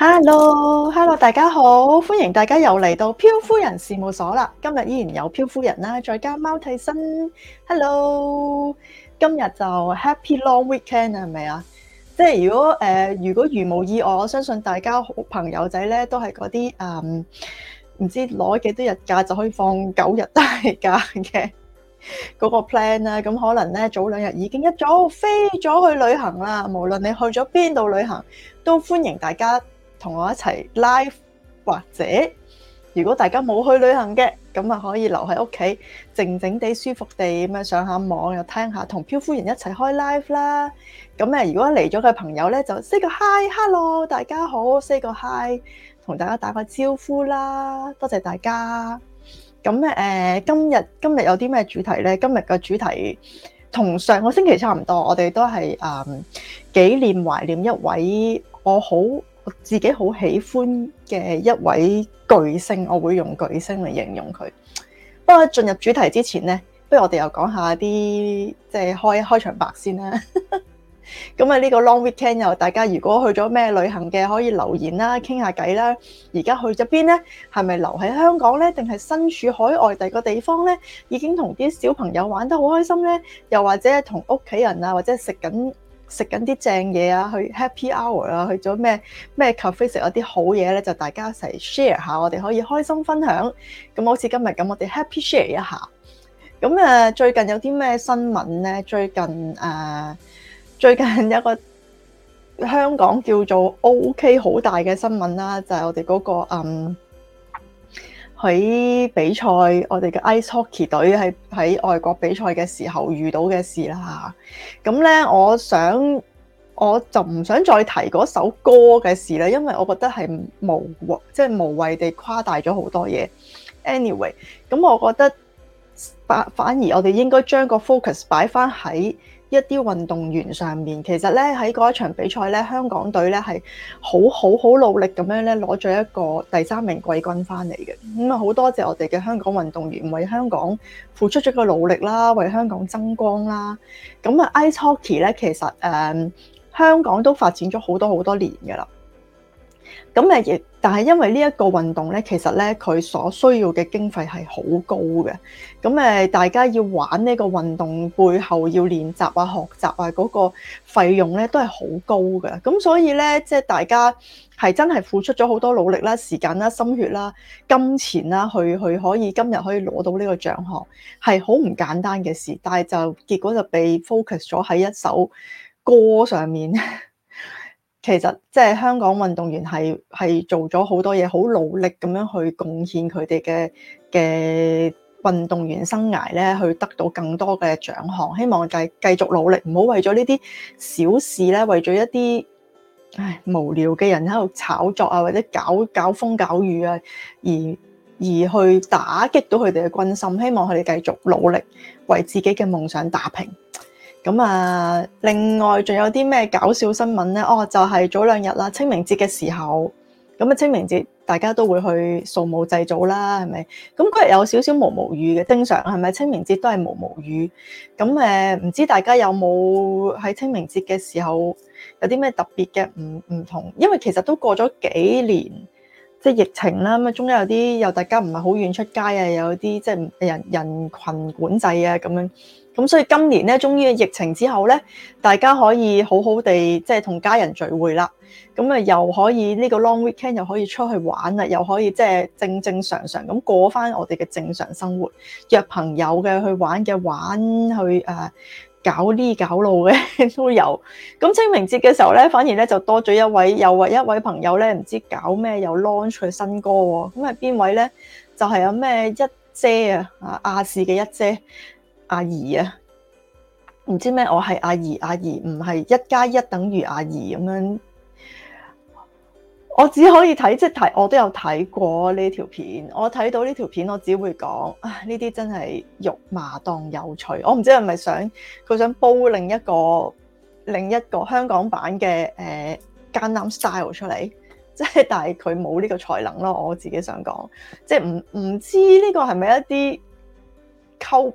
Hello，Hello，Hello, 大家好，歡迎大家又嚟到漂夫人事務所啦。今日依然有漂夫人啦，再加貓替身。Hello，今日就 Happy Long Weekend 係咪啊？即係如果誒、呃，如果如無意外，我相信大家好朋友仔咧都係嗰啲誒，唔、嗯、知攞幾多日假就可以放九日大假嘅嗰個 plan 啦。咁可能咧早兩日已經一早飛咗去旅行啦。無論你去咗邊度旅行，都歡迎大家。同我一齊 live，或者如果大家冇去旅行嘅，咁啊可以留喺屋企靜靜地舒服地咁樣上下網又聽下，同漂夫人一齊開 live 啦。咁啊，如果嚟咗嘅朋友咧，就 say 個 hi，hello，大家好，say 個 hi，同大家打個招呼啦。多謝大家。咁誒，今日今日有啲咩主題咧？今日嘅主題同上個星期差唔多，我哋都係誒紀念懷念一位我好自己好喜歡嘅一位巨星，我會用巨星嚟形容佢。不過進入主題之前呢，不如我哋又講下啲，即係開開場白先啦。咁啊，呢個 long weekend 又大家如果去咗咩旅行嘅，可以留言啦，傾下偈啦。而家去咗邊呢？係咪留喺香港呢？定係身處海外第個地方呢？已經同啲小朋友玩得好開心呢？又或者同屋企人啊，或者食緊？食緊啲正嘢啊，去 Happy Hour 啊，去咗咩咩咖 e 食咗啲好嘢咧，就大家一齊 share 一下，我哋可以開心分享。咁好似今日咁，我哋 Happy Share 一下。咁最近有啲咩新聞咧？最近、啊、最近有一個香港叫做 OK 好大嘅新聞啦，就係、是、我哋嗰、那個嗯。喺比賽，我哋嘅 ice hockey 隊喺喺外國比賽嘅時候遇到嘅事啦。咁呢，我想我就唔想再提嗰首歌嘅事啦，因為我覺得係無即係、就是、無謂地誇大咗好多嘢。Anyway，咁我覺得反反而我哋應該將個 focus 擺翻喺。一啲運動員上面，其實咧喺嗰一場比賽咧，香港隊咧係好好好努力咁樣咧攞咗一個第三名季軍翻嚟嘅，咁啊好多謝我哋嘅香港運動員為香港付出咗個努力啦，為香港爭光啦，咁啊 ice hockey 咧其實誒、嗯、香港都發展咗好多好多年嘅啦，咁誒亦。但係因為呢一個運動咧，其實咧佢所需要嘅經費係好高嘅，咁誒大家要玩呢個運動背後要練習啊、學習啊嗰個費用咧都係好高嘅，咁所以咧即係大家係真係付出咗好多努力啦、時間啦、心血啦、金錢啦，去去可以今日可以攞到呢個獎項係好唔簡單嘅事，但係就結果就被 focus 咗喺一首歌上面。其實即係香港運動員係係做咗好多嘢，好努力咁樣去貢獻佢哋嘅嘅運動員生涯咧，去得到更多嘅獎項。希望就係繼續努力，唔好為咗呢啲小事咧，為咗一啲唉無聊嘅人喺度炒作啊，或者搞搞風搞雨啊，而而去打擊到佢哋嘅軍心。希望佢哋繼續努力，為自己嘅夢想打拼。咁啊，另外仲有啲咩搞笑新聞咧？哦，就係、是、早兩日啦，清明節嘅時候，咁啊清明節大家都會去掃墓祭祖啦，係咪？咁嗰日有少少毛毛雨嘅，正常係咪？清明節都係毛毛雨。咁誒，唔知大家有冇喺清明節嘅時候有啲咩特別嘅唔唔同？因為其實都過咗幾年，即係疫情啦，咁啊，中間有啲又大家唔係好願出街啊，有啲即係人人群管制啊咁樣。咁所以今年咧，終於疫情之後咧，大家可以好好地即係同家人聚會啦。咁啊，又可以呢個 long weekend 又可以出去玩啦，又可以即係正正常常咁過翻我哋嘅正常生活，約朋友嘅去玩嘅玩，去、呃、搞呢搞路嘅 都有。咁清明節嘅時候咧，反而咧就多咗一位，又為一位朋友咧，唔知搞咩又 launch 佢新歌喎。咁啊，邊位咧？就係、是、有咩一姐啊啊亞視嘅一姐。啊。阿姨啊，唔知咩？我係阿姨，阿姨唔係一加一等於阿姨咁樣。我只可以睇，即係睇我都有睇過呢條片。我睇到呢條片，我只會講啊，呢啲真係肉麻當有趣。我唔知係咪想佢想煲另一個另一個香港版嘅誒《呃、Gangnam Style》出嚟，即係但係佢冇呢個才能咯。我自己想講，即係唔唔知呢個係咪一啲溝。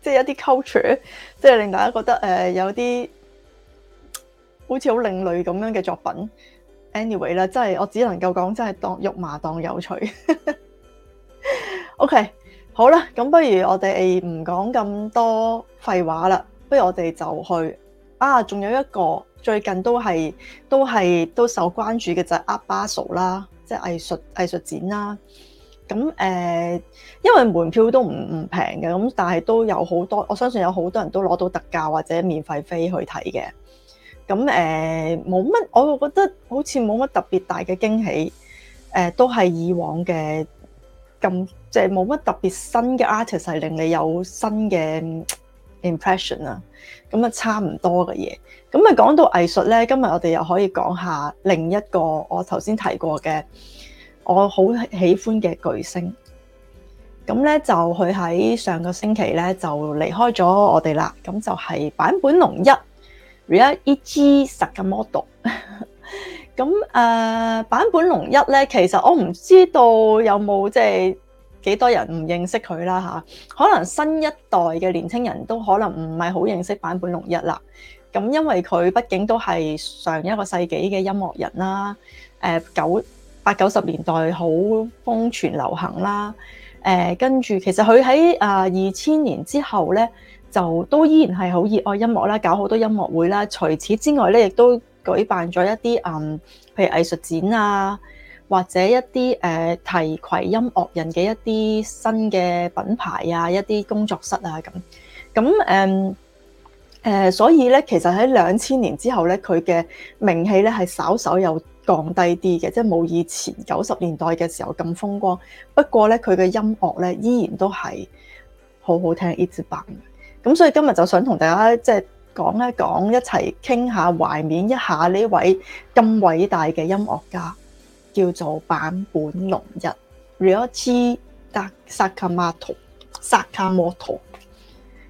即係一啲 culture，即係令大家覺得誒、呃、有啲好似好另類咁樣嘅作品。Anyway 啦，真係我只能夠講真係當肉麻當有趣。 OK，好啦，咁不如我哋唔講咁多廢話啦，不如我哋就去啊！仲有一個最近都係都係都受關注嘅就係 Art Basel 啦，即係藝術藝術展啦。咁誒、呃，因為門票都唔唔平嘅，咁但係都有好多，我相信有好多人都攞到特價或者免費飛去睇嘅。咁誒，冇、呃、乜，我又覺得好似冇乜特別大嘅驚喜。誒、呃，都係以往嘅，咁即係冇乜特別新嘅 artist 係令你有新嘅 impression 啊。咁啊，差唔多嘅嘢。咁啊，講到藝術咧，今日我哋又可以講下另一個我頭先提過嘅。我好喜歡嘅巨星，咁咧就佢喺上個星期咧就離開咗我哋啦。咁就係坂本龍一，Ryuichi Sakamoto。咁 誒、呃、坂本龍一咧，其實我唔知道有冇即係幾多人唔認識佢啦嚇。可能新一代嘅年輕人都可能唔係好認識坂本龍一啦。咁因為佢畢竟都係上一個世紀嘅音樂人啦。誒、呃、九。八九十年代好風傳流行啦，誒、呃，跟住其實佢喺誒二千年之後咧，就都依然係好熱愛音樂啦，搞好多音樂會啦。除此之外咧，亦都舉辦咗一啲誒、嗯，譬如藝術展啊，或者一啲誒、呃、提携音樂人嘅一啲新嘅品牌啊，一啲工作室啊咁。咁誒，誒、嗯呃，所以咧，其實喺兩千年之後咧，佢嘅名氣咧係稍稍有。降低啲嘅，即係冇以前九十年代嘅時候咁風光。不過咧，佢嘅音樂咧依然都係好好聽，一直 s 版。咁所以今日就想同大家即係講一講，一齊傾下懷緬一下呢位咁偉大嘅音樂家，叫做坂本龍一 （Ryuichi Sakamoto）。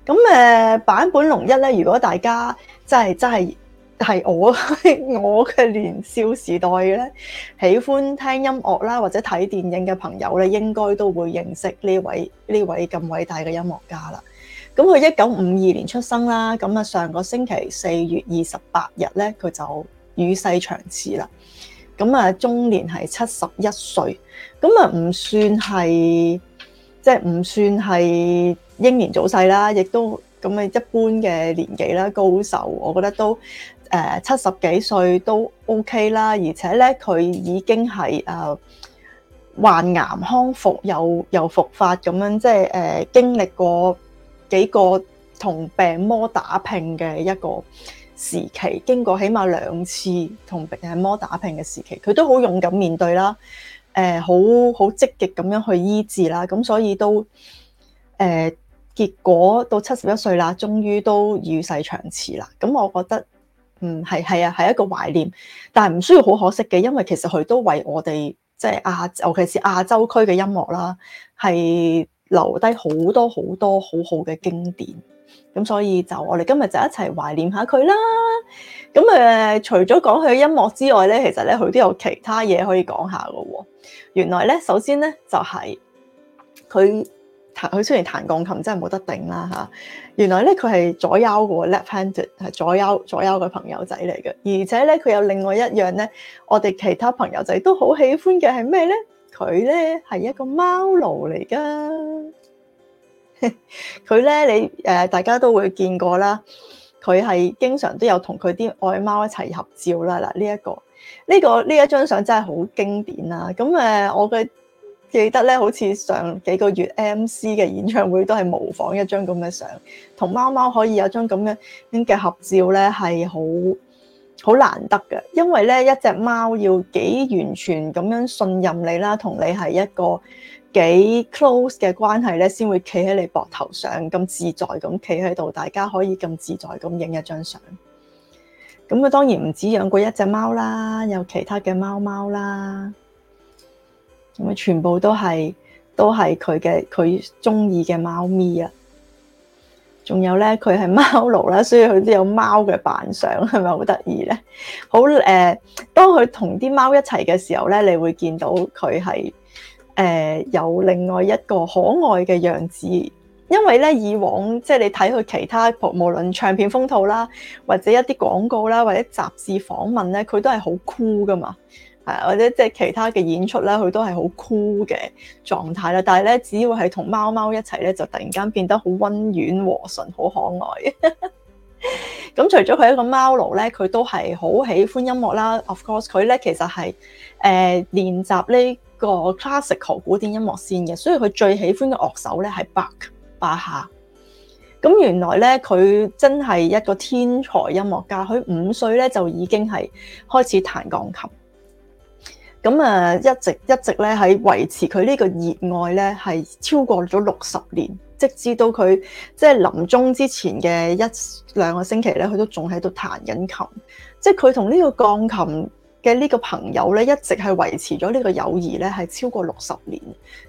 咁誒，坂本龍一咧，如果大家真係真係係我，我嘅年少時代咧，喜歡聽音樂啦，或者睇電影嘅朋友咧，應該都會認識呢位呢位咁偉大嘅音樂家啦。咁佢一九五二年出生啦，咁啊上個星期四月二十八日咧，佢就與世長辭啦。咁啊，終年係七十一歲，咁啊唔算係即係唔算係英年早逝啦，亦都咁啊一般嘅年紀啦，高壽我覺得都。誒、呃、七十幾歲都 OK 啦，而且咧佢已經係誒、呃、患癌康復又又復發咁樣，即係誒、呃、經歷過幾個同病魔打拼嘅一個時期，經過起碼兩次同病魔打拼嘅時期，佢都好勇敢面對啦，誒好好積極咁樣去醫治啦，咁所以都誒、呃、結果到七十一歲啦，終於都與世長辭啦，咁我覺得。嗯，係係啊，係一個懷念，但係唔需要好可惜嘅，因為其實佢都為我哋即係亞，尤其是亞洲區嘅音樂啦，係留低好多好多好好嘅經典，咁所以就我哋今日就一齊懷念下佢啦。咁誒、呃，除咗講佢嘅音樂之外咧，其實咧佢都有其他嘢可以講下噶、哦。原來咧，首先咧就係佢。佢雖然彈鋼琴真係冇得頂啦嚇，原來咧佢係左右嘅 left-handed 係左優嘅朋友仔嚟嘅，而且咧佢有另外一樣咧，我哋其他朋友仔都好喜歡嘅係咩咧？佢咧係一個貓奴嚟噶，佢 咧，你誒大家都會見過啦，佢係經常都有同佢啲愛貓一齊合照啦嗱，呢一個呢個呢一張相真係好經典啦，咁誒我嘅。記得咧，好似上幾個月 M.C. 嘅演唱會都係模仿一張咁嘅相，同貓貓可以有一張咁嘅嘅合照咧，係好好難得嘅。因為咧，一隻貓要幾完全咁樣信任你啦，同你係一個幾 close 嘅關係咧，先會企喺你膊頭上咁自在咁企喺度，大家可以咁自在咁影一張相。咁佢當然唔止養過一隻貓啦，有其他嘅貓貓啦。全部都係都係佢嘅佢中意嘅貓咪啊！仲有咧，佢係貓奴啦，所以佢都有貓嘅扮相，係咪好得意咧？好誒、呃，當佢同啲貓一齊嘅時候咧，你會見到佢係誒有另外一個可愛嘅樣子，因為咧，以往即係你睇佢其他無論唱片封套啦，或者一啲廣告啦，或者雜誌訪問咧，佢都係好酷㗎嘛。係或者即係其他嘅演出咧，佢都係好 cool 嘅狀態啦。但係咧，只要係同貓貓一齊咧，就突然間變得好溫軟和順，好可愛。咁 除咗佢一個貓奴咧，佢都係好喜歡音樂啦。Of course，佢咧其實係誒、呃、練習呢個 classical 古典音樂先嘅，所以佢最喜歡嘅樂手咧係巴巴哈。咁原來咧，佢真係一個天才音樂家。佢五歲咧就已經係開始彈鋼琴。咁啊，一直一直咧喺維持佢呢個熱愛咧，係超過咗六十年，直至到佢即係臨終之前嘅一兩個星期咧，佢都仲喺度彈緊琴。即係佢同呢個鋼琴嘅呢個朋友咧，一直係維持咗呢個友誼咧，係超過六十年。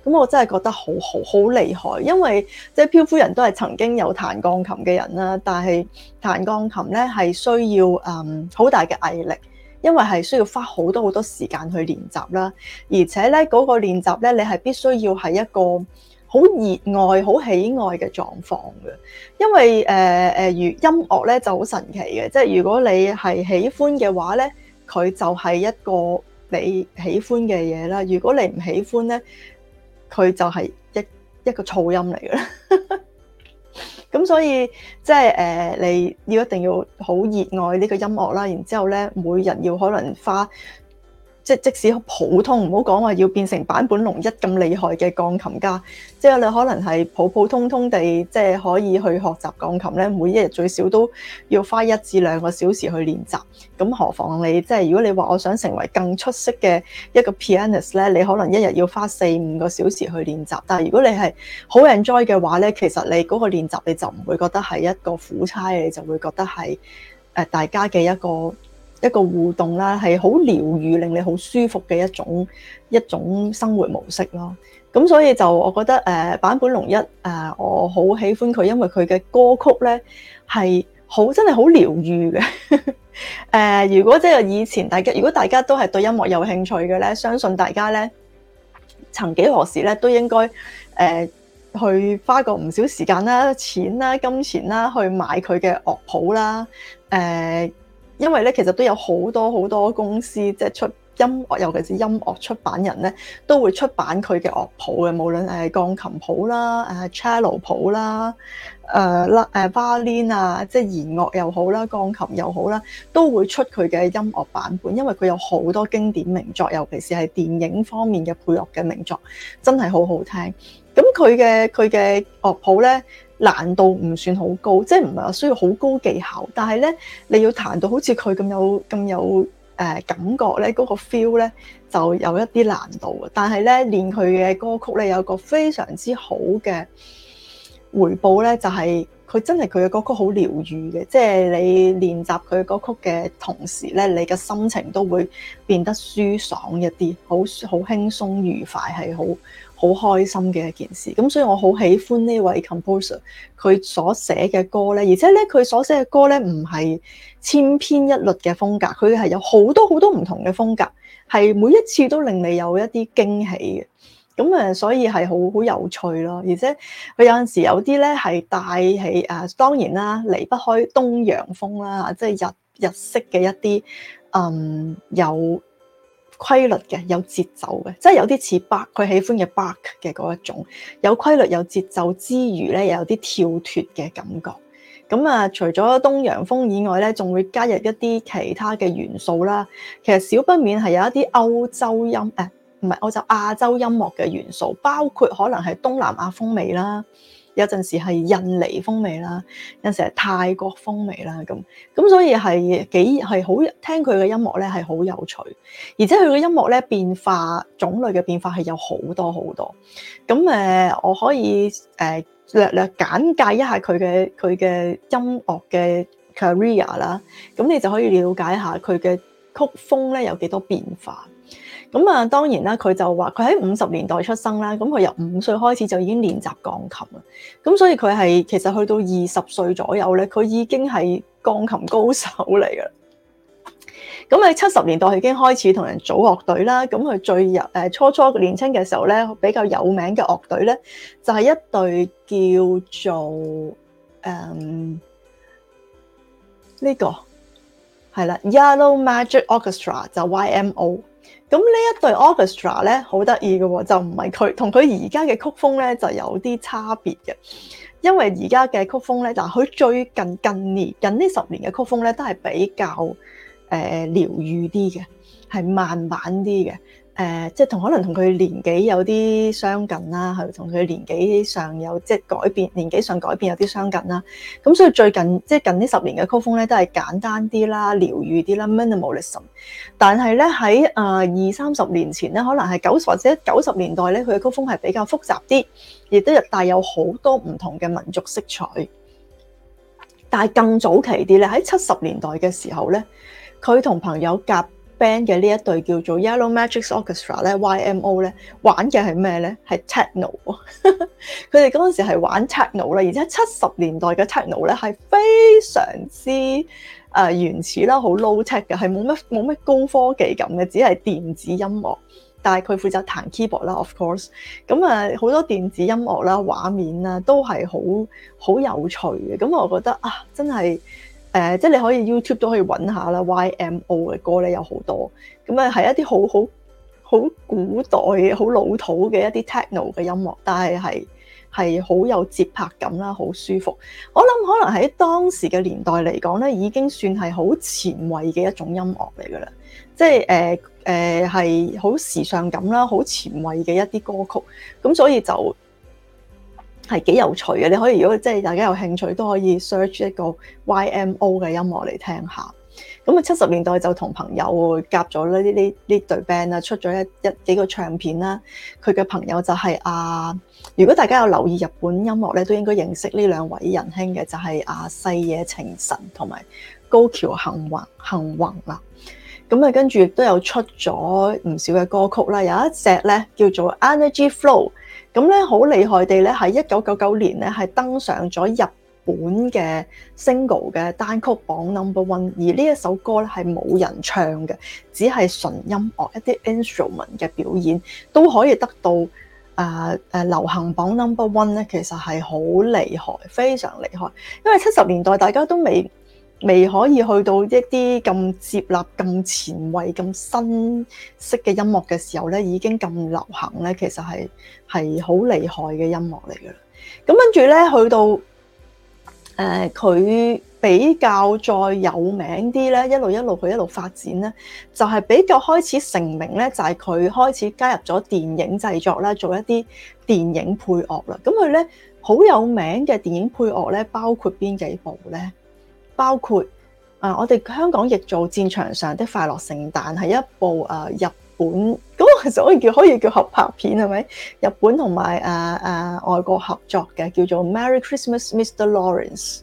咁我真係覺得好好好厲害，因為即係漂夫人都係曾經有彈鋼琴嘅人啦。但係彈鋼琴咧係需要嗯好大嘅毅力。因為係需要花好多好多時間去練習啦，而且咧嗰個練習咧，你係必須要係一個好熱愛、好喜愛嘅狀況嘅。因為誒誒，如音樂咧就好神奇嘅，即係如果你係喜歡嘅話咧，佢就係一個你喜歡嘅嘢啦。如果你唔喜歡咧，佢就係一一個噪音嚟嘅。 咁所以即係誒，你要一定要好熱愛呢個音樂啦。然之後咧，每日要可能花。即即使普通，唔好講話要變成坂本龍一咁厲害嘅鋼琴家，即係你可能係普普通通地，即係可以去學習鋼琴咧。每一日最少都要花一至兩個小時去練習。咁何況你即係如果你話我想成為更出色嘅一個 pianist 咧，你可能一日要花四五個小時去練習。但係如果你係好 enjoy 嘅話咧，其實你嗰個練習你就唔會覺得係一個苦差，你就會覺得係誒，大家嘅一個。一個互動啦，係好療愈，令你好舒服嘅一種一種生活模式咯。咁所以就我覺得，誒、呃、坂本龍一，誒、呃、我好喜歡佢，因為佢嘅歌曲咧係好真係好療愈嘅。誒、 呃，如果即係以前大家，如果大家都係對音樂有興趣嘅咧，相信大家咧，曾幾何時咧，都應該誒、呃、去花個唔少時間啦、錢啦、金錢啦，去買佢嘅樂譜啦，誒、呃。因為咧，其實都有好多好多公司即係出音樂，尤其是音樂出版人咧，都會出版佢嘅樂譜嘅，無論係鋼琴譜啦、誒 cello 譜啦、誒拉、uh, 誒 violin 啊，即係弦樂又好啦，鋼琴又好啦，都會出佢嘅音樂版本，因為佢有好多經典名作，尤其是係電影方面嘅配樂嘅名作，真係好好聽。咁佢嘅佢嘅樂譜咧。難度唔算好高，即係唔係話需要好高技巧，但係咧你要彈到好似佢咁有咁有誒、呃、感覺咧，嗰、那個 feel 咧就有一啲難度嘅。但係咧練佢嘅歌曲咧，有一個非常之好嘅回報咧，就係、是。佢真係佢嘅歌曲好療癒嘅，即係你練習佢嘅歌曲嘅同時咧，你嘅心情都會變得舒爽一啲，好好輕鬆愉快，係好好開心嘅一件事。咁所以我好喜歡呢位 composer，佢所寫嘅歌咧，而且咧佢所寫嘅歌咧唔係千篇一律嘅風格，佢係有好多好多唔同嘅風格，係每一次都令你有一啲驚喜嘅。咁啊，所以係好好有趣咯，而且佢有陣時候有啲咧係帶起，啊，當然啦，離不開東洋風啦，即係日日式嘅一啲嗯有規律嘅、有節奏嘅，即係有啲似巴佢喜歡嘅巴嘅嗰一種，有規律有節奏之餘咧，又有啲跳脫嘅感覺。咁啊，除咗東洋風以外咧，仲會加入一啲其他嘅元素啦。其實少不免係有一啲歐洲音誒。唔係，我就亞洲音樂嘅元素，包括可能係東南亞風味啦，有陣時係印尼風味啦，有陣時係泰國風味啦，咁咁所以係幾係好聽佢嘅音樂咧，係好有趣，而且佢嘅音樂咧變化種類嘅變化係有好多好多。咁我可以誒、呃、略略簡介一下佢嘅佢嘅音樂嘅 career 啦，咁你就可以了解一下佢嘅曲風咧有幾多變化。咁啊，當然啦，佢就話佢喺五十年代出生啦，咁佢由五歲開始就已經練習鋼琴啦，咁所以佢係其實去到二十歲左右咧，佢已經係鋼琴高手嚟噶。咁喺七十年代已經開始同人組樂隊啦，咁佢最有誒初初年青嘅時候咧，比較有名嘅樂隊咧，就係一隊叫做誒呢、um, 呢個係啦，Yellow Magic Orchestra 就 YMO。咁呢一對 orchestra 咧好得意嘅喎，就唔係佢同佢而家嘅曲風咧就有啲差別嘅。因為而家嘅曲風咧，就係佢最近近年近呢十年嘅曲風咧都係比較誒、呃、療愈啲嘅，係慢慢啲嘅。誒，即係同可能同佢年紀有啲相近啦，係同佢年紀上有即係改變，年紀上改變有啲相近啦。咁所以最近即係近呢十年嘅曲風咧，都係簡單啲啦、療愈啲啦、minimalism。但係咧喺啊二三十年前咧，可能係九或者九十年代咧，佢嘅曲風係比較複雜啲，亦都有帶有好多唔同嘅民族色彩。但係更早期啲咧，喺七十年代嘅時候咧，佢同朋友夾 band 嘅呢一隊叫做 Yellow Magic Orchestra 咧 （YMO） 咧，玩嘅係咩咧？係 techno。佢哋嗰陣時係玩 techno 咧，而且七十年代嘅 techno 咧係非常之誒、呃、原始啦，好 low tech 嘅，係冇乜冇乜高科技感嘅，只係電子音樂。但係佢負責彈 keyboard 啦，of course。咁啊，好多電子音樂啦、畫面啊，都係好好有趣嘅。咁我覺得啊，真係～誒，uh，即係你可以 YouTube 都可以揾下啦，YMO 嘅歌咧有好多，咁啊係一啲好好好古代、好老土嘅一啲 techno 嘅音樂，但係係係好有節拍感啦，好舒服。我諗可能喺當時嘅年代嚟講咧，已經算係好前衛嘅一種音樂嚟噶啦，即係誒誒係好時尚感啦，好前衛嘅一啲歌曲，咁所以就。係幾有趣嘅，你可以如果即係大家有興趣都可以 search 一個 YMO 嘅音樂嚟聽下。咁啊，七十年代就同朋友夾咗呢呢呢隊 band 啊，出咗一一幾個唱片啦。佢嘅朋友就係啊，如果大家有留意日本音樂咧，都應該認識呢兩位仁兄嘅，就係啊細野晴臣同埋高橋幸宏幸宏啦。咁啊，跟住亦都有出咗唔少嘅歌曲啦。有一隻咧叫做 Energy Flow。咁咧好厲害地咧，喺一九九九年咧，係登上咗日本嘅 single 嘅單曲榜 number one，而呢一首歌咧係冇人唱嘅，只係純音樂一啲 instrument 嘅表演都可以得到啊誒、呃呃、流行榜 number one 咧，其實係好厲害，非常厲害，因為七十年代大家都未未可以去到一啲咁接納、咁前衞、咁新式嘅音樂嘅時候咧，已經咁流行咧，其實係係好厲害嘅音樂嚟嘅啦。咁跟住咧，去到誒佢、呃、比較再有名啲咧，一路一路去一路發展咧，就係、係、比較開始成名咧，就係佢開始加入咗電影製作啦，做一啲電影配樂啦。咁佢咧好有名嘅電影配樂咧，包括邊幾部咧？包括啊，我哋香港亦做戰場上的快樂聖誕係一部誒日本咁，其實可以叫可以叫合拍片係咪？日本同埋誒誒外國合作嘅叫做《Merry Christmas, Mr. Lawrence》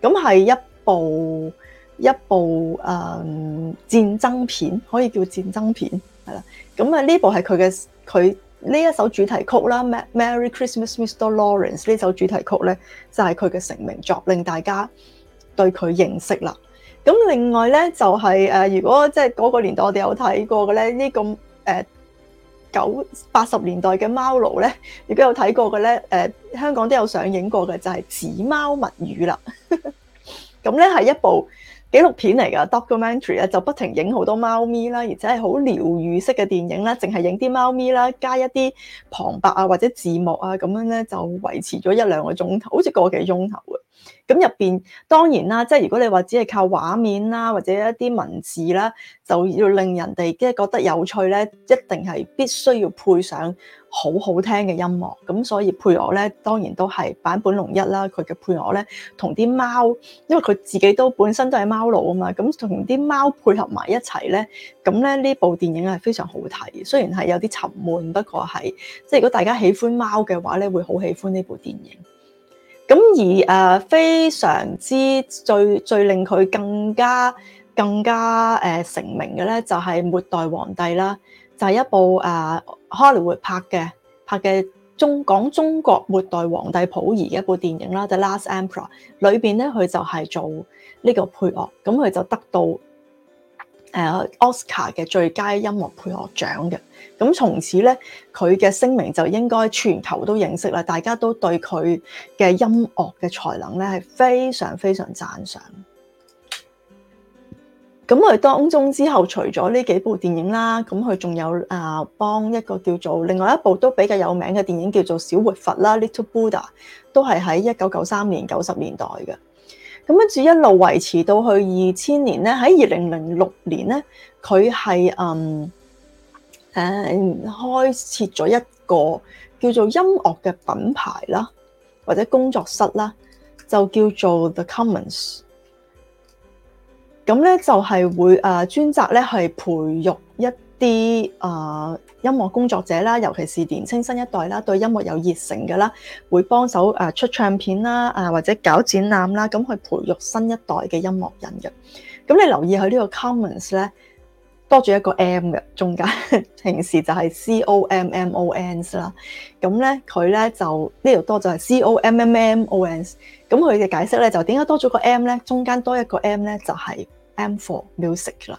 咁，係一部一部誒、嗯、戰爭片，可以叫戰爭片係啦。咁啊呢部係佢嘅佢呢一首主題曲啦，《Merry Christmas, Mr. Lawrence》呢首主題曲咧就係佢嘅成名作，令大家對佢認識啦。咁另外咧就係、是呃、如果即係嗰個年代我哋有睇過嘅咧，呢、這個九八十年代嘅貓奴咧，亦都有睇過嘅咧。誒香港都有上映過嘅就係《子貓物語》啦。咁咧係一部紀錄片嚟噶 documentary 就不停影好多貓咪啦，而且係好療癒式嘅電影啦，淨係影啲貓咪啦，加一啲旁白啊或者字幕啊咁樣咧，就維持咗一兩個鐘頭，好似個幾鐘頭。咁入邊當然啦，即係如果你話只係靠畫面啦，或者一啲文字啦，就要令人哋即係覺得有趣咧，一定係必須要配上好好聽嘅音樂。咁所以配樂咧，當然都係坂本龍一啦。佢嘅配樂咧，同啲貓，因為佢自己都本身都係貓佬啊嘛。咁同啲貓配合埋一齊咧，咁咧呢這部電影係非常好睇。雖然係有啲沉悶，不過係即係如果大家喜歡貓嘅話咧，會好喜歡呢部電影。咁而誒非常之最最令佢更加更加誒成名嘅咧，就係末代皇帝啦，就係、是、一部誒 Hollywood 拍嘅拍嘅中講中國末代皇帝溥儀嘅一部電影啦，就《Last Emperor》裏邊咧，佢就係做呢個配樂，咁佢就得到。誒 Oscar 嘅最佳音樂配樂獎嘅，咁從此咧，佢嘅聲名就應該全球都認識啦，大家都對佢嘅音樂嘅才能咧係非常非常讚賞。咁佢當中之後，除咗呢幾部電影啦，咁佢仲有啊幫一個叫做另外一部都比較有名嘅電影叫做《小活佛》啦，《Little Buddha》，都係喺一九九三年九十年代嘅。咁跟住一路維持到去二千年咧，喺二零零六年咧，佢係嗯誒開設咗一個叫做音樂嘅品牌啦，或者工作室啦，就叫做 The Commons。咁咧就係會誒專責咧係培育一啲啊音樂工作者啦，尤其是年青新一代啦，對音樂有熱誠嘅啦，會幫手啊出唱片啦啊或者搞展覽啦，咁去培育新一代嘅音樂人嘅。咁你留意佢呢個 comments 咧，多咗一個 M 嘅中間，平時就係 C O M M O N S 啦。咁咧佢咧就呢度多咗係 C O M M M O N S。咁佢嘅解釋咧就點解多咗個 M 咧？中間多咗一個 M 咧就係 M for music 啦。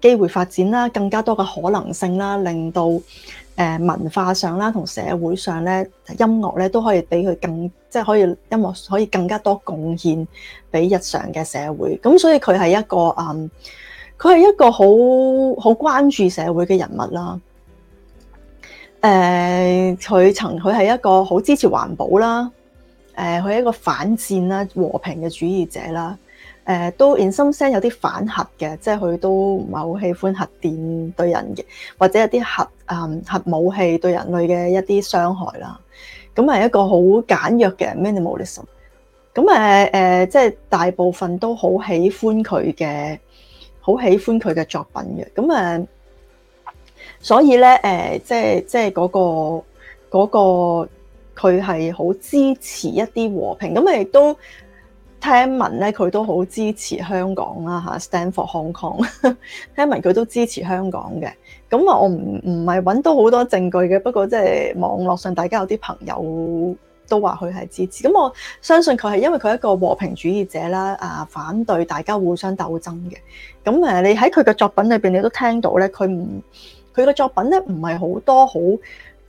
機會發展啦，更加多嘅可能性啦，令到誒、呃、文化上啦同社會上咧音樂咧都可以俾佢更即係可以音樂可以更加多貢獻俾日常嘅社會，咁所以佢係一個誒佢係一個好好關注社會嘅人物啦。誒、呃，佢曾佢係一個好支持環保啦，誒、呃，佢係一個反戰啦、和平嘅主義者啦。誒、呃、都 in some sense 有啲反核嘅，即係佢都唔係好喜歡核電對人嘅，或者一啲核嗯、呃、核武器對人類嘅一啲傷害啦。咁係一個好簡約嘅 minimalism、呃。咁誒誒，即係大部分都好喜歡佢嘅，好喜歡佢嘅作品嘅。咁誒、呃，所以咧誒、呃，即係即係嗰、嗰個佢係好支持一啲和平。咁誒亦都。聽聞咧，佢都好支持香港啦嚇，Stand for Hong Kong。聽聞佢都支持香港嘅，咁啊，我唔唔係揾到好多證據嘅，不過即係網絡上大家有啲朋友都話佢係支持，咁我相信佢係因為佢係一個和平主義者啦，啊，反對大家互相鬥爭嘅。咁誒，你喺佢嘅作品裏邊，你都聽到咧，佢唔佢嘅作品咧唔係好多好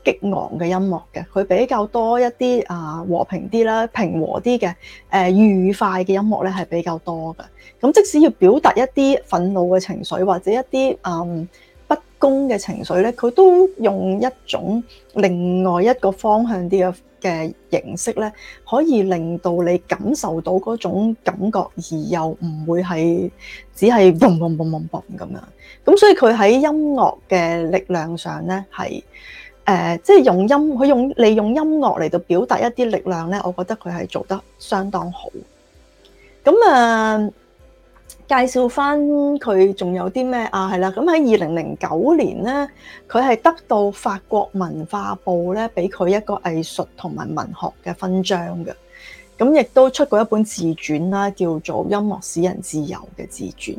激昂嘅音樂嘅佢比較多一啲啊和平啲啦平和啲嘅誒愉快嘅音樂咧係比較多嘅。咁即使要表達一啲憤怒嘅情緒或者一啲嗯不公嘅情緒咧，佢都用一種另外一個方向啲嘅嘅形式咧，可以令到你感受到嗰種感覺，而又唔會係只係嘣嘣嘣嘣嘣咁樣。咁所以佢喺音樂嘅力量上咧係。係誒、呃，即係用音，佢用利用音樂嚟到表達一啲力量咧，我覺得佢係做得相當好。咁、呃、啊，介紹翻佢仲有啲咩啊？係啦，咁喺二零零九年咧，佢係得到法國文化部咧，俾佢一個藝術同埋文學嘅勳章嘅。咁亦都出過一本自傳啦，叫做《音樂使人自由》嘅自傳。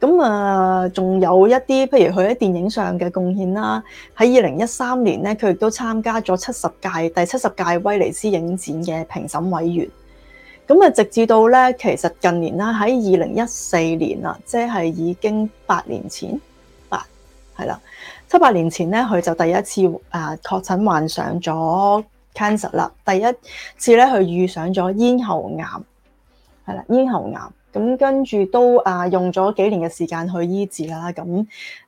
咁啊，仲有一啲，譬如佢喺電影上嘅貢獻啦。喺二零一三年咧，佢亦都參加咗七十屆第七十屆威尼斯影展嘅評審委員。咁啊，直至到咧，其實近年啦，喺二零一四年啦，即係已經八年前，八係啦，七八年前咧，佢就第一次啊確診患上咗 cancer 啦。第一次咧，佢遇上咗咽喉癌，係啦，咽喉癌。咁跟住都啊用咗幾年嘅時間去醫治啦，咁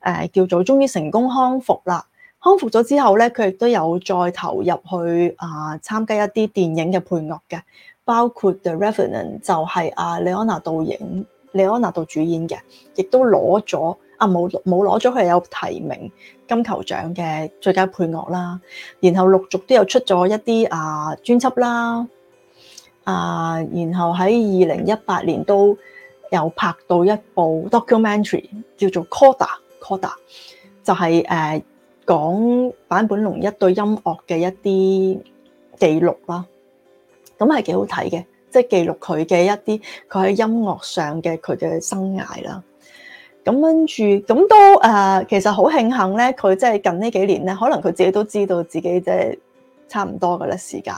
誒叫做終於成功康復啦。康復咗之後咧，佢亦都有再投入去啊參加一啲電影嘅配樂嘅，包括 The Revenant 就係啊李安娜導演，李安娜導主演嘅，亦都攞咗啊冇冇攞咗佢有提名金球獎嘅最佳配樂啦。然後陸續都有出咗一啲啊專輯啦。啊，然後喺二零一八年都又拍到一部 documentary 叫做 Coda Coda，就係誒講坂本龍一對音樂嘅一啲記錄啦。咁係幾好睇嘅，即係記錄佢嘅一啲佢喺音樂上嘅佢嘅生涯啦。咁跟住咁都誒、呃，其實好慶幸咧，佢即係近呢幾年咧，可能佢自己都知道自己即係。差唔多嘅啦，時間。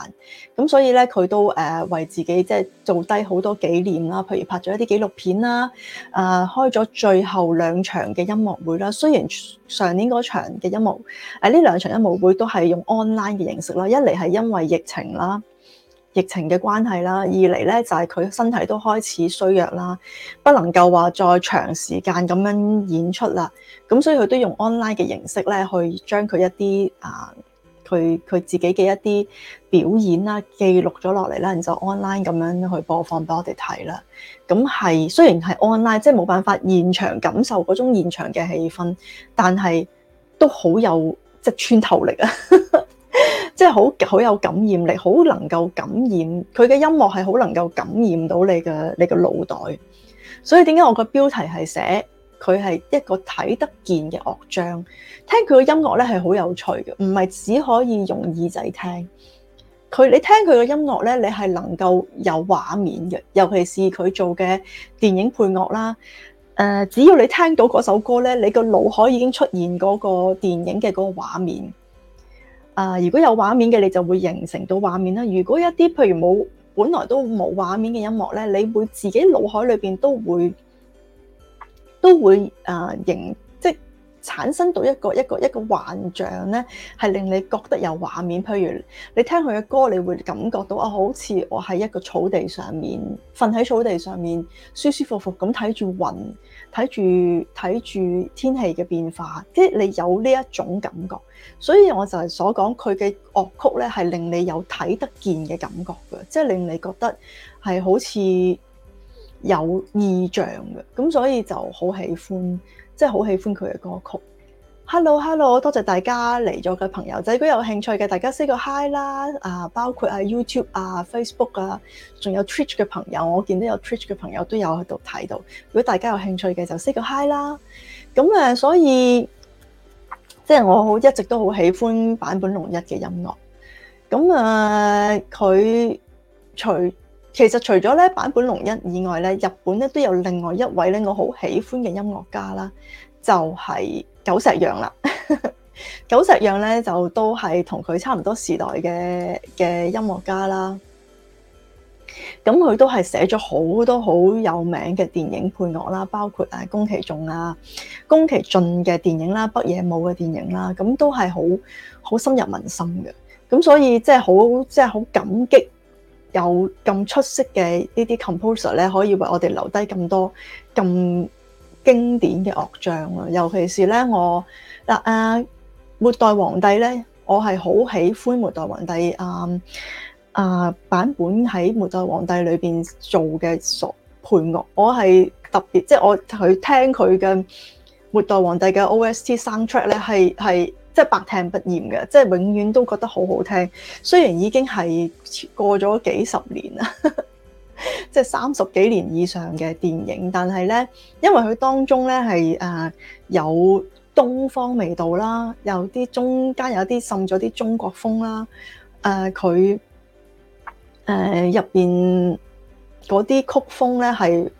咁所以咧，佢都誒、呃、為自己即係做低好多紀念啦，譬如拍咗一啲紀錄片啦，啊、呃、開咗最後兩場嘅音樂會啦。雖然上年嗰場嘅音樂誒呢、呃、兩場音樂會都係用 online 嘅形式啦，一嚟係因為疫情啦，疫情嘅關係啦，二嚟咧就係、是、佢身體都開始衰弱啦，不能夠話再長時間咁樣演出啦。咁所以佢都用 online 嘅形式咧，去將佢一啲啊。呃佢佢自己嘅一啲表演啦、啊，記錄咗落嚟啦，然之後 online 咁樣去播放俾我哋睇啦。咁係雖然係 online，即係冇辦法現場感受嗰種現場嘅氣氛，但係都好有即穿透力啊！即係好好有感染力，好能夠感染，佢嘅音樂係好能夠感染到你嘅你嘅腦袋。所以點解我個標題係寫？佢係一個睇得見嘅樂章，聽佢嘅音樂咧係好有趣嘅，唔係只可以用耳仔聽。佢你聽佢嘅音樂咧，你係能夠有畫面嘅，尤其是佢做嘅電影配樂啦。誒、呃，只要你聽到嗰首歌咧，你個腦海已經出現嗰個電影嘅嗰個畫面。啊、呃，如果有畫面嘅，你就會形成到畫面啦。如果一啲譬如冇本來都冇畫面嘅音樂咧，你會自己腦海裏邊都會。都會啊，形、呃、即產生到一個一個一個幻象咧，係令你覺得有畫面。譬如你聽佢嘅歌，你會感覺到啊、哦，好似我喺一個草地上面瞓喺草地上面，舒舒服服咁睇住雲，睇住睇住天氣嘅變化，即係你有呢一種感覺。所以我就係所講，佢嘅樂曲咧係令你有睇得見嘅感覺嘅，即係令你覺得係好似。有意象嘅，咁所以就好喜歡，即係好喜歡佢嘅歌曲。Hello，Hello，hello，多謝大家嚟咗嘅朋友仔，如果有興趣嘅，大家 say 個 hi 啦。啊，包括啊 YouTube 啊、Facebook 啊，仲有 Twitch 嘅朋友，我見到有 Twitch 嘅朋友都有喺度睇到。如果大家有興趣嘅，就 say 個 hi 啦。咁啊，所以即係、就是、我好一直都好喜歡坂本龍一嘅音樂。咁啊，佢除其實除咗咧坂本龍一以外咧，日本咧都有另外一位咧我好喜歡嘅音樂家啦，就係、是、久石讓啦。久 石讓咧就都係同佢差唔多時代嘅嘅音樂家啦。咁佢都係寫咗好多好有名嘅電影配樂啦，包括啊宮崎駿啊、宮崎駿嘅電影啦、北野武嘅電影啦，咁都係好好深入民心嘅。咁所以即係好即係好感激。有咁出色嘅呢啲 composer 咧，可以為我哋留低咁多咁經典嘅樂章啊，尤其是咧，我嗱啊《末代皇帝》咧，我係好喜歡《末代皇帝》啊，啊版本喺《末代皇帝》裏邊做嘅所配樂，我係特別即係我去聽佢嘅《末代皇帝》嘅 OST soundtrack 咧，係係。即係百聽不厭嘅，即係永遠都覺得好好聽。雖然已經係過咗幾十年啦，即係三十幾年以上嘅電影，但係咧，因為佢當中咧係誒有東方味道啦，有啲中間有啲滲咗啲中國風啦。誒佢誒入邊嗰啲曲風咧係。是。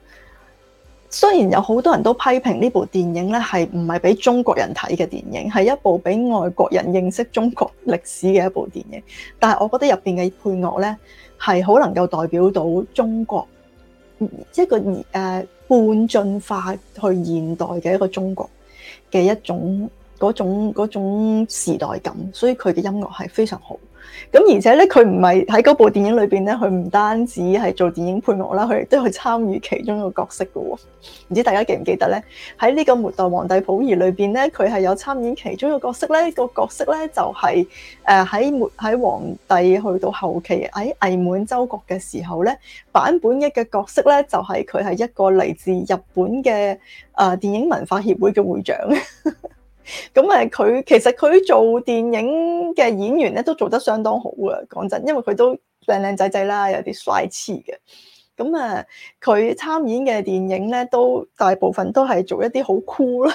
雖然有好多人都批評呢部電影咧，係唔係俾中國人睇嘅電影，係一部俾外國人認識中國歷史嘅一部電影。但係我覺得入邊嘅配樂咧，係好能夠代表到中國一個誒半進化去現代嘅一個中國嘅一種嗰種嗰種時代感，所以佢嘅音樂係非常好的。咁而且咧，佢唔係喺嗰部電影裏邊咧，佢唔單止係做電影配樂啦，佢亦都去參與其中一個角色嘅喎。唔知大家記唔記得咧？喺呢、呢個末代皇帝溥儀裏邊咧，佢係有參演其中一個角色咧。個角色咧就係誒喺末喺皇帝去到後期喺偽滿洲國嘅時候咧，坂本龍一嘅角色咧就係佢係一個嚟自日本嘅誒電影文化協會嘅會長。咁佢其實佢做電影嘅演員咧都做得相當好噶講真，因為佢都靚靚仔仔啦，有啲帥氣嘅。咁啊，佢參演嘅電影咧都大部分都係做一啲好酷啦，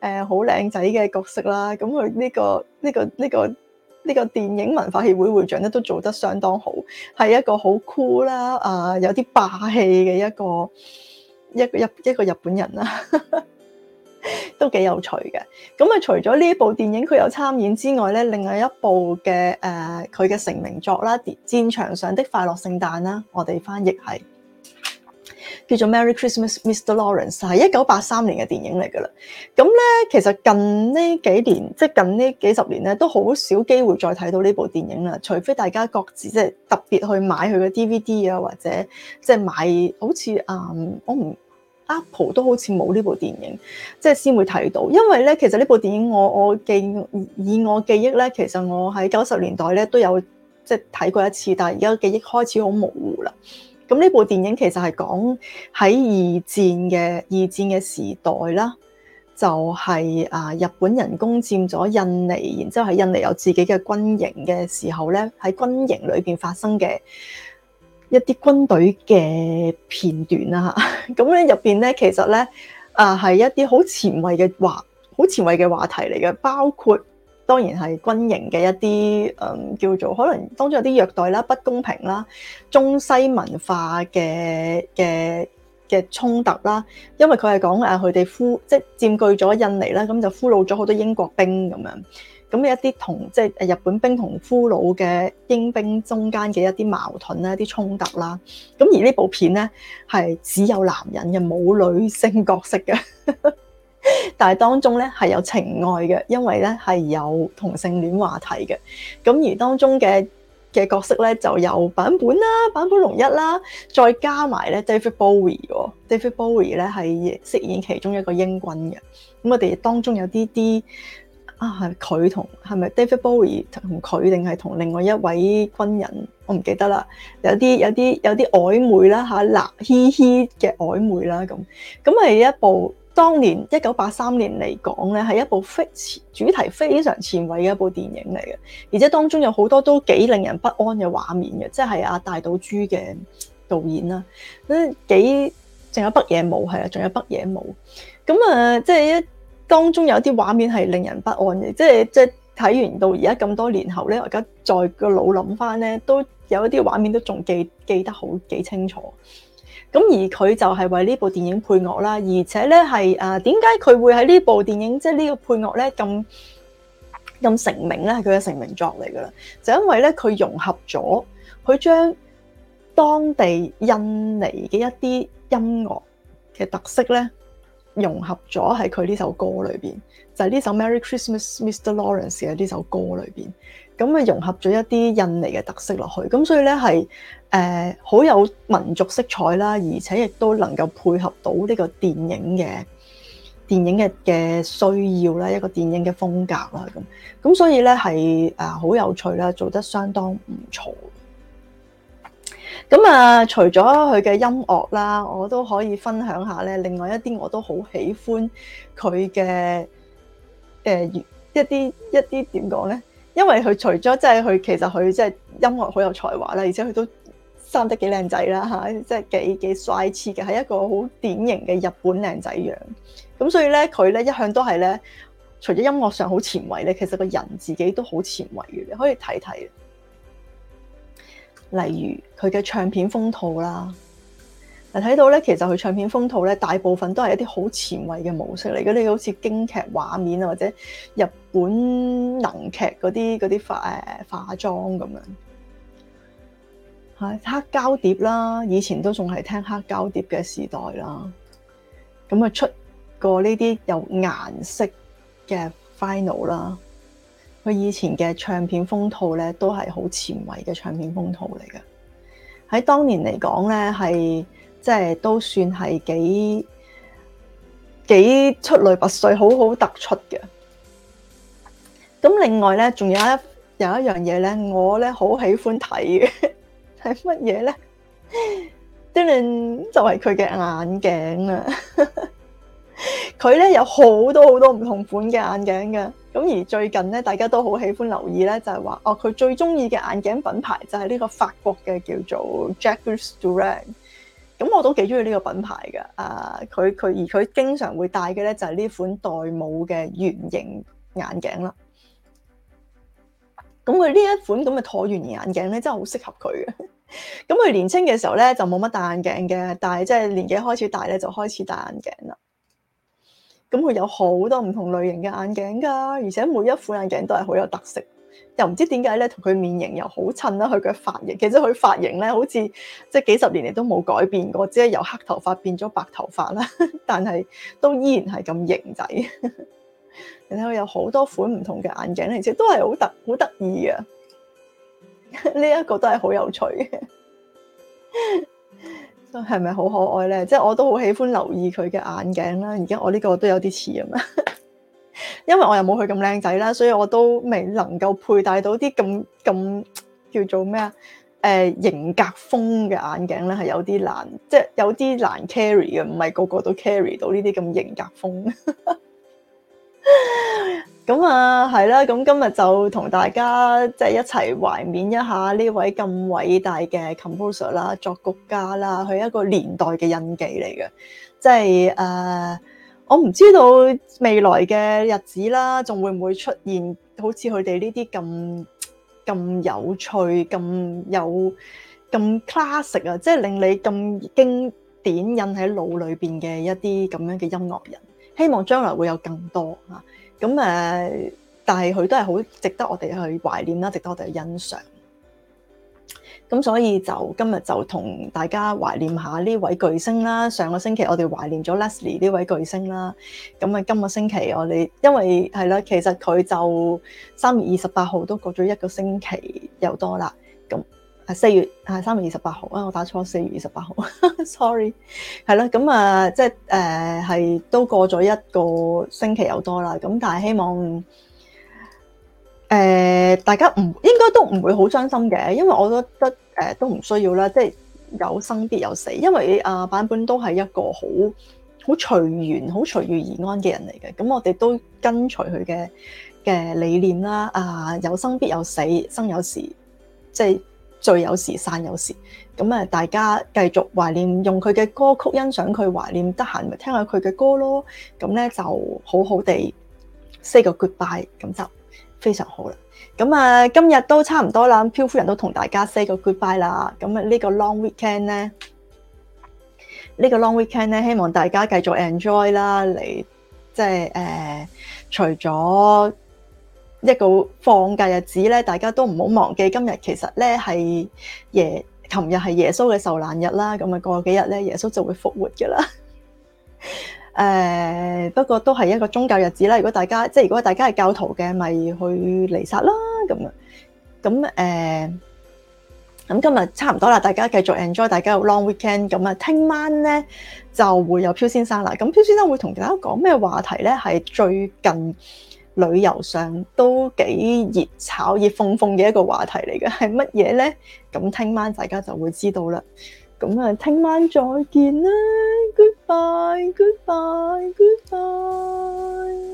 誒，好靚仔嘅角色啦。咁佢呢個呢個呢個呢個電影文化協會會長咧都做得相當好，係一個好酷啦，啊，有啲霸氣嘅一個一個日一個日本人啦。都幾有趣嘅，咁啊除咗呢一部電影佢有參演之外咧，另外一部嘅誒佢嘅成名作啦《戰場上的快樂聖誕》啦，我哋翻譯係叫做《Merry Christmas, Mr. Lawrence》，係一九八三年嘅電影嚟噶啦。咁咧其實近呢幾年，即係近呢幾十年咧，都好少機會再睇到呢部電影啦。除非大家各自即係特別去買佢嘅 DVD 啊，或者即係買好似啊、嗯，我唔。Apple 都好似冇呢部電影，即係先會睇到。因為咧，其實呢部電影我我記以我記憶咧，其實我喺九十年代咧都有即係睇過一次，但係而家記憶開始好模糊啦。咁呢部電影其實係講喺二戰嘅二戰嘅時代啦，就係啊日本人攻佔咗印尼，然之後喺印尼有自己嘅軍營嘅時候咧，喺軍營裏邊發生嘅。一啲軍隊嘅片段啦，咁咧入邊咧其實咧，啊係一啲好前衞嘅話，好前衞嘅話題嚟嘅，包括當然係軍營嘅一啲嗯，叫做可能當中有啲虐待啦、不公平啦、中西文化嘅嘅嘅衝突啦，因為佢係講啊佢哋俘即係佔據咗印尼啦，咁就俘虜咗好多英國兵咁樣。咁一啲同即係、就是、日本兵同俘虜嘅英兵中間嘅一啲矛盾啦，一啲衝突啦。咁而呢部片咧係只有男人嘅，冇女性角色嘅。 但係當中咧係有情愛嘅，因為咧係有同性戀話題嘅。咁而當中嘅嘅角色咧就有坂本啦、坂本龍一啦，再加埋咧 David Bowie。David Bowie 咧係飾演其中一個英軍嘅。咁我哋當中有啲啲。係佢同係咪 David Bowie 同佢定係同另外一位軍人，我唔記得啦。有啲有啲有啲曖昧啦，吓、啊，嗱嘻嘻嘅曖昧啦，咁咁係一部當年一九八三年嚟講咧，係一部非主題非常前衛嘅一部電影嚟嘅，而且當中有好多都幾令人不安嘅畫面嘅，即係阿大島渚嘅導演啦，咁幾仲有北野武係啦，仲有北野武咁啊，即係、就是、一。當中有啲畫面係令人不安嘅，即係即係睇完到而家咁多年後咧，我而家在個腦諗翻咧，都有一啲畫面都仲記記得好幾清楚。咁而佢就係為呢部電影配樂啦，而且咧係誒，點解佢會喺呢部電影即係呢個配樂咧咁咁成名咧？係佢嘅成名作嚟噶啦，就因為咧佢融合咗，佢將當地印尼嘅一啲音樂嘅特色咧。融合咗喺佢呢首歌裏邊，就係呢首《Merry Christmas, Mr. Lawrence》嘅呢首歌裏邊，咁啊融合咗一啲印尼嘅特色落去，咁所以咧係誒好有民族色彩啦，而且亦都能夠配合到呢個電影嘅電影嘅嘅需要啦，一個電影嘅風格啦，咁咁所以咧係誒好有趣啦，做得相當唔錯。咁啊，除咗佢嘅音樂啦，我都可以分享下咧。另外一啲我都好喜歡佢嘅，誒、呃、一啲一啲點講咧？因為佢除咗即係佢其實佢即係音樂好有才華啦，而且佢都生得幾靚仔啦嚇，即係幾幾帥氣嘅，係一個好典型嘅日本靚仔樣。咁所以咧，佢咧一向都係咧，除咗音樂上好前衞咧，其實個人自己都好前衞嘅，你可以睇睇。例如佢嘅唱片封套啦，嗱，睇到咧，其實佢唱片封套咧，大部分都係一啲好前衞嘅模式嚟嘅，呢好似京劇畫面啊，或者日本能劇嗰啲啲化誒化妝咁樣，係黑膠碟啦，以前都仲係聽黑膠碟嘅時代啦，咁啊出過呢啲有顏色嘅 final 啦。佢以前嘅唱片封套咧，都係好前衛嘅唱片封套嚟噶。喺當年嚟講咧，係即係都算係幾幾出類拔萃，好好突出嘅。咁另外咧，仲有一有一樣嘢咧，我咧好喜歡睇嘅，係乜嘢咧？Dylan 就係佢嘅眼鏡啊。佢 咧有好多好多唔同款嘅眼鏡噶。咁而最近咧，大家都好喜歡留意咧，就係話，哦，佢最中意嘅眼鏡品牌就係呢個法國嘅叫做 Jacques Durand。咁我都幾中意呢個品牌嘅，啊，佢佢而佢經常會戴嘅咧就係呢款玳瑁嘅圓形眼鏡啦。咁佢呢一款咁嘅橢圓形眼鏡咧，真係好適合佢嘅。咁佢年輕嘅時候咧就冇乜戴眼鏡嘅，但係即係年紀開始大咧就開始戴眼鏡啦。咁佢有好多唔同類型嘅眼鏡噶而且每一款眼鏡都係好有特色，又唔知點解咧，同佢面型又好襯啦。佢嘅髮型，其實佢髮型咧好似即係幾十年嚟，都冇改變過，只係由黑頭髮變咗白頭髮啦，但係都依然係咁型仔。你睇，佢有好多款唔同嘅眼鏡，而且都係好特好得意嘅，呢一個都係好有趣嘅。這個也係咪好可愛咧？即係我都好喜歡留意佢嘅眼鏡啦。而家我呢個都有啲似咁樣，因為我又冇佢咁靚仔啦，所以我都未能夠佩戴到啲咁咁叫做咩啊？誒，型格風嘅眼鏡咧，係有啲難，即係有啲難 carry 嘅，唔係個個都 carry 到呢啲咁型格風的。咁、嗯、啊，係、嗯、啦，咁、嗯嗯、今日就同大家即係、就是、一齊懷緬一下呢位咁偉大嘅 composer 啦，作曲家啦，佢一個年代嘅印記嚟嘅，即係誒，我唔知道未來嘅日子啦，仲會唔會出現好似佢哋呢啲咁咁有趣、咁有咁 classic 啊，即係令你咁經典印喺腦裏邊嘅一啲咁樣嘅音樂人，希望將來會有更多啊！咁誒，但係佢都係好值得我哋去懷念啦，值得我哋去欣賞。咁所以就今日就同大家懷念下呢位巨星啦。上個星期我哋懷念咗 Leslie 呢位巨星啦。咁啊，今個星期我哋因為係啦，其實佢就三月二十八號都過咗一個星期又多啦。咁啊！四月啊，三月二十八號啊，我打錯，四月二十八號，sorry。係咯，咁啊，即係誒，係、呃、都過咗一個星期有多啦。咁但係希望誒、呃、大家唔應該都唔會好傷心嘅，因為我覺得誒、呃、都唔需要啦。即、就、係、是、有生必有死，因為阿、呃、坂本都係一個好好隨緣、好隨遇而安嘅人嚟嘅。咁我哋都跟隨佢嘅嘅理念啦。啊、呃，有生必有死，生有時即係。聚有時，散有時，咁啊大家繼續懷念，用佢嘅歌曲欣賞佢，懷念、得閒咪聽下佢嘅歌咯。咁咧就好好地 say 個 goodbye，咁就非常好啦。咁啊今日都差唔多啦，漂夫人都同大家 say 個 goodbye 啦。咁啊呢個 long weekend 咧，呢個 long weekend 咧，希望大家繼續 enjoy 啦，嚟即係誒、呃，除咗。一個放假日子咧，大家都唔好忘記今日其實咧係耶，琴日係耶穌嘅受難日啦。咁啊，過幾日咧耶穌就會復活噶啦。誒， 不過都係一個宗教日子啦。如果大家即係如果大家係教徒嘅，咪去彌撒啦。咁啊，咁誒，咁、呃、今日差唔多啦。大家繼續 enjoy，大家 long weekend。咁啊，聽晚咧就會有漂先生啦。咁漂先生會同大家講咩話題咧？係最近。旅遊上都幾熱炒熱瘋瘋嘅一個話題嚟嘅，係乜嘢呢？咁聽晚大家就會知道啦。咁啊，聽晚再見啦，Goodbye，Goodbye，Goodbye。